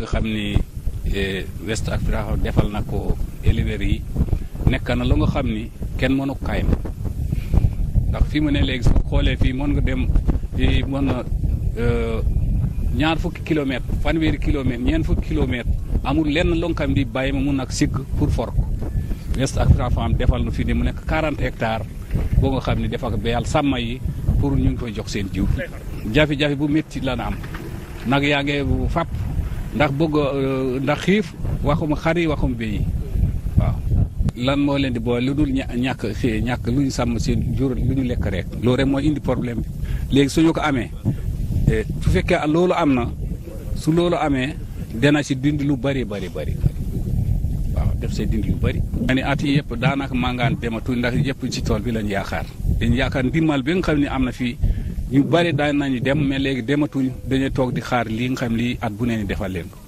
nga xam ni eh, West Africa defal na ko éleveurs yi nekk na lu nga xam ni kenn mënu kayma ndax fi mu ne léegi su xoolee fii mën nga dem mën na eh, ñaar fukki fan fanweeri kilomètre ñeent fukki kilomètre amul lenn loo xam di bàyyi ma mun ak sigg pour for ko West Africa Farm defal na fi ne mu nekk 40 hectares boo nga xam ne dafa béyal sàmm yi pour ñu ngi koy jox seen jiw jafe-jafe bu métti la am nag yaa ngi fàpp ndax bëgg euh, ndax xiif waxum xar yi waxum béy yi waaw lan moo leen di boole lu dul ñàkk xii ñàkk lu ñu sàmm seen jur lu ñu lekk rek loolu rek mooy indi problème bi léegi suñu ko amee su fekkee loolu am na su loolu amee dena si dindi lu bari bari bari waaw def see dindi lu bari ma ni at yi yëpp daanaka mangaan dematul ndax yëpp ci tool bi lañ yaakaar dañ yaakaar ndimbal bi nga xam ne am na fii ñu bari daan nañu dem mais léegi dematuñu dañuy toog di xaar li nga xam lii at bu ne ñu defal leen